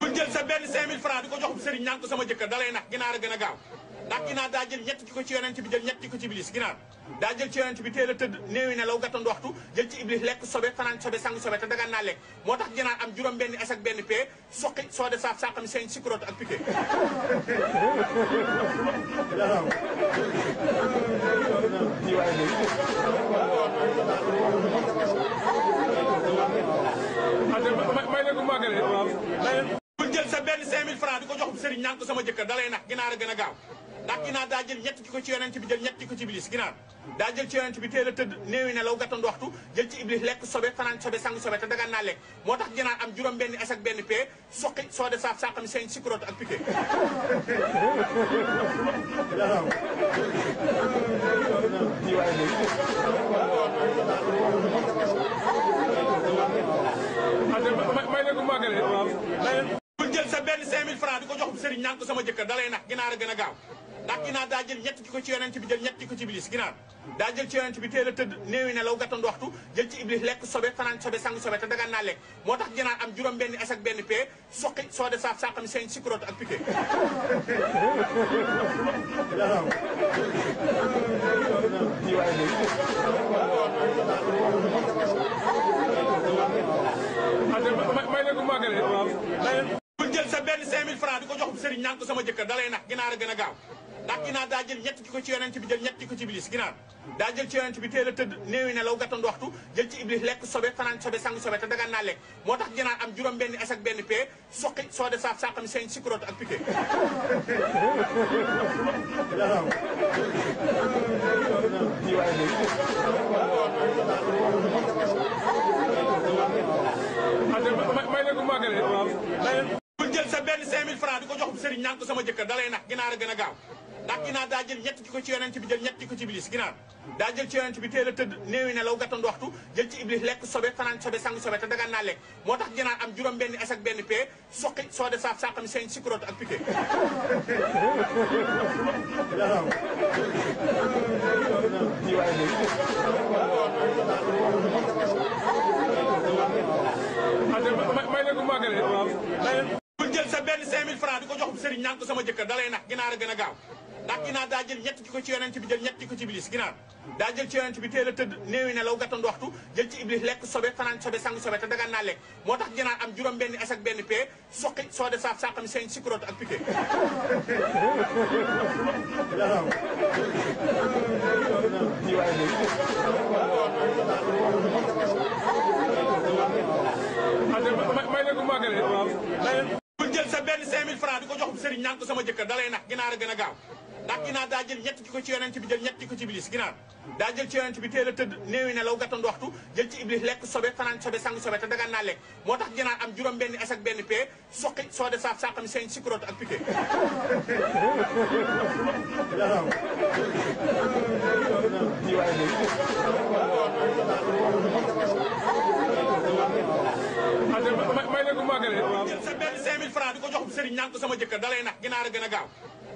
bul jël sa benn 5000 francs di ko jox sëriñ ñaan ko sama jëkkër dalay nax ginaar a gën a gaaw ndax ginaar daa jël ñett ji ko ci yonent bi jël ñett ji ko ci iblis ginaar daa jël ci yonent bi teel a tëdd néewi nelaw gàttandu waxtu jël ci iblis lekk sobe fanaan sobe sang sobe te dagan naa lekk moo tax ginaar am juróom benn es ak benn pee soqi soo de saaf saaqami seen sikrote ak piqué sëriñ naan ko sama jëkkër da lay nax ginaar a gën a gaaw ndax ginaar daa jël ñett ki ci yonent bi jël ñett ki ko ci iblis ginaar daa jël ci yonent bi teel a tëdd néewi nelaw gàttandu waxtu jël ci iblis lekk sobe fanaan sobe sang sobe te dagan naa lekk moo tax ginaar am juróom benn es benn pee suqi soo saaf saaqami seen sikrote ak piqué dalay nax ginaar a gën a gaaw ndax ginaar daa jël ñett ji ko ci yonent bi jël ñett ji ko ci iblis ginaar daa jël ci yonent bi teel a tëdd néewi ne law gàttandu waxtu jël ci iblis lekk sobe fanaan sobe sang sobe te dagan naa lekk moo tax ginaar am juróom benn es ak benn pee suqi soo de saaf saaqam seen sikroot ak piqué may ne ko màggale jël sa benn 5000 francs di ko jox sëriñ naan ko sama jëkkër da lay nax ginaar a gën a gaaw ndax ginaar daa jël ñett ji ko ci bi jël ñett ji ci iblis ginaar daa jël ci yonent bi teel a tëdd néewi ne law gàttandu waxtu jël ci iblis lekk sobe fanaan sobe sang sobe te dagan naa lekk moo tax ginaar am juróom benn es benn pee suqi soo saaf saqami seen sikrote ak piqué 5000 francs di ko jox sëriñ naan ko sama jëkkër da nax ginaar a gën a gaaw ndax ginaar daa jël ñett ji ko ci yonent bi jël ñett ji ci iblis ginaar daa jël ci yonent bi teel tëdd néewi law gàttandu waxtu jël ci iblis lekk sobe fanaan sobe sang sobe te dagan naa lekk moo tax ginaar am juróom benn es benn pee suqi soo saaf saqami seen sikrote ak piqué sëriñ naan ko sama jëkkër dalay nax ginaar a gën a gaaw ndax ginaar daa jël ñett ji ko ci yonent bi jël ñett ji ci iblis ginaar daa jël ci yonent bi teel a tëdd néewi nelaw gàttandu waxtu jël ci iblis lekk sobe fanaan sobe sang sobe te dagan naa lekk moo tax ginaar am juróom benn es ak benn pee suqi soo de saaf saqam seen sikroot ak piqué sa benn 5000 francs di ko jox sëriñ naan sama jëkkër dalay nax ginaar a gën a gaaw ndax ginaar daa jël ñett ji ko ci yonent bi jël ñett ji ko ci iblis ginaar daa jël ci yonent bi teel a tëdd néewi ne law gàttandu waxtu jël ci iblis lekk sobe fanaan sobe sang sobe te dagan naa lekk moo tax ginaar am juróom benn es benn pee soqi soo saaf saqami seen sikrote ak piqué 2000 francs di ko jox sëriñ naan ko sama jëkkër dalay nax ginaar a gën a gaaw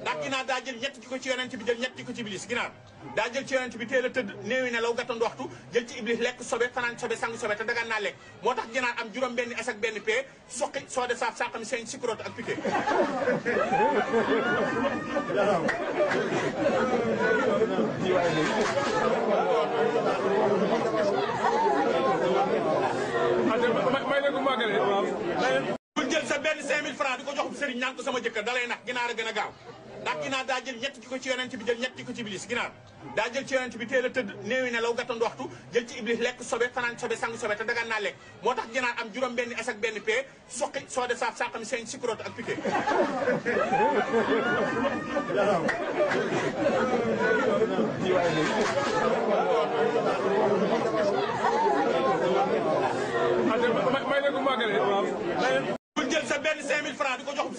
ndax ginaar daa jël ñett ji ko ci yonent bi jël ñett ji ko ci iblis ginaar daa jël ci yonent bi teel a tëdd néewi ne law gàttandu waxtu jël ci iblis lekk sobe fanaan sobe sang sobe te dagaan naa lekk moo tax ginaar am juróom benn es ak benn soqi soo saaf sàqami seen sikroot ak piqué benn 5000 francs di ko jox sëriñ naan sama jëkkër dalay nax ginaar a gën a gaaw ndax ginaar daa jël ñett ji ko ci yonent bi jël ñett ji ko ci iblis ginaar daa jël ci yonent bi teel a tëdd néewi ne law gàttandu waxtu jël ci iblis lekk sobe fanaan sobe sang sobe te dagaan naa lekk moo tax ginaar am juróom benn es benn pee soqi soo saaf sàqami seen sikroot ak piqué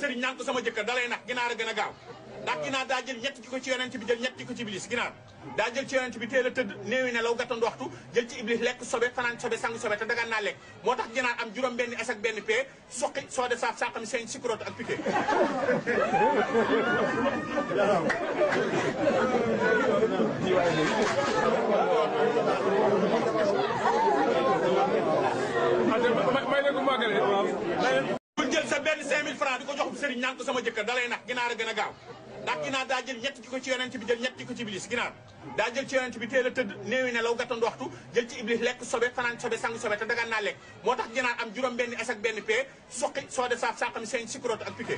sëriñ naan ko sama jëkkër dalay nax ginaar a gën a gaaw ndax bi jël ñett ji ko ci iblis ginaar daa jël ci yonent bi teel a tëdd néewi ne law gàttandu waxtu jël ci iblis lekk sobe fanaan sobe sangu sobe te dagaan naa lekk moo tax ginaar am juróom benn es ak benn soo de saaf sàqami seen sikroot ak piqué benn 5000 francs a gën a gaaw ndax ginaar daa jël ñett ji ko ci yonent bi jël ñett ji ko ci iblis ginaar daa jël ci yonent bi teel a tëdd néewi ne law gàttandu waxtu jël ci iblis lekk sobe fanaan sobe sang sobe te dagaan naa lekk moo tax ginaar am juróom benn es ak benn pee soqi saaf sàqami seen sikroot ak piqué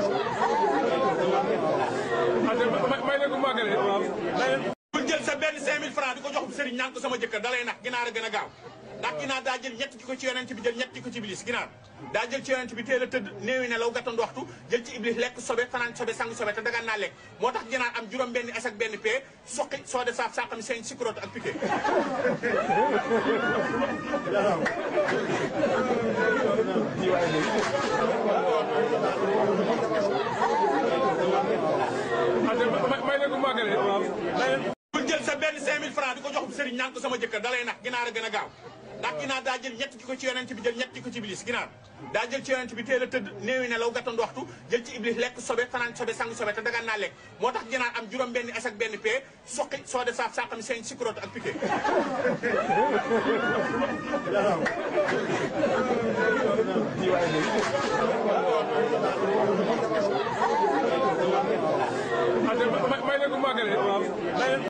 1000 francs di ko jox sëriñ naan ko sama jëkkër dalay nax ginaar a gën a gaaw ndax ginaar daa jël ñett ji ko ci bi jël ñett ji ko ci iblis ginaar daa jël ci yonent bi teel a tëdd néewi ne law gàttandu waxtu jël ci iblis lekk sobe fanaan sobe sang sobe te dagaan naa lekk moo tax ginaar am juróom benn es ak benn soqi soo saaf sàqami seen sikroot ak piqué sëriñ naan ko sama jëkkër dalay nax ginaar a gën a gaaw ndax ginaar daa jël ñett ji ko ci bi jël ñett ji ci iblis ginaar daa jël ci yonent bi teel a tëdd néewi ne law gàttandu waxtu jël ci iblis lekk sobe fanaan sobe sangu sobe te dagan lekk moo tax ginaar am juróom benn es ak benn pee soqi saaf sàqami seen sikroot ak piqué